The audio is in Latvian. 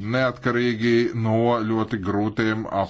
neatkarīgi no ļoti grūtiem apstākļiem.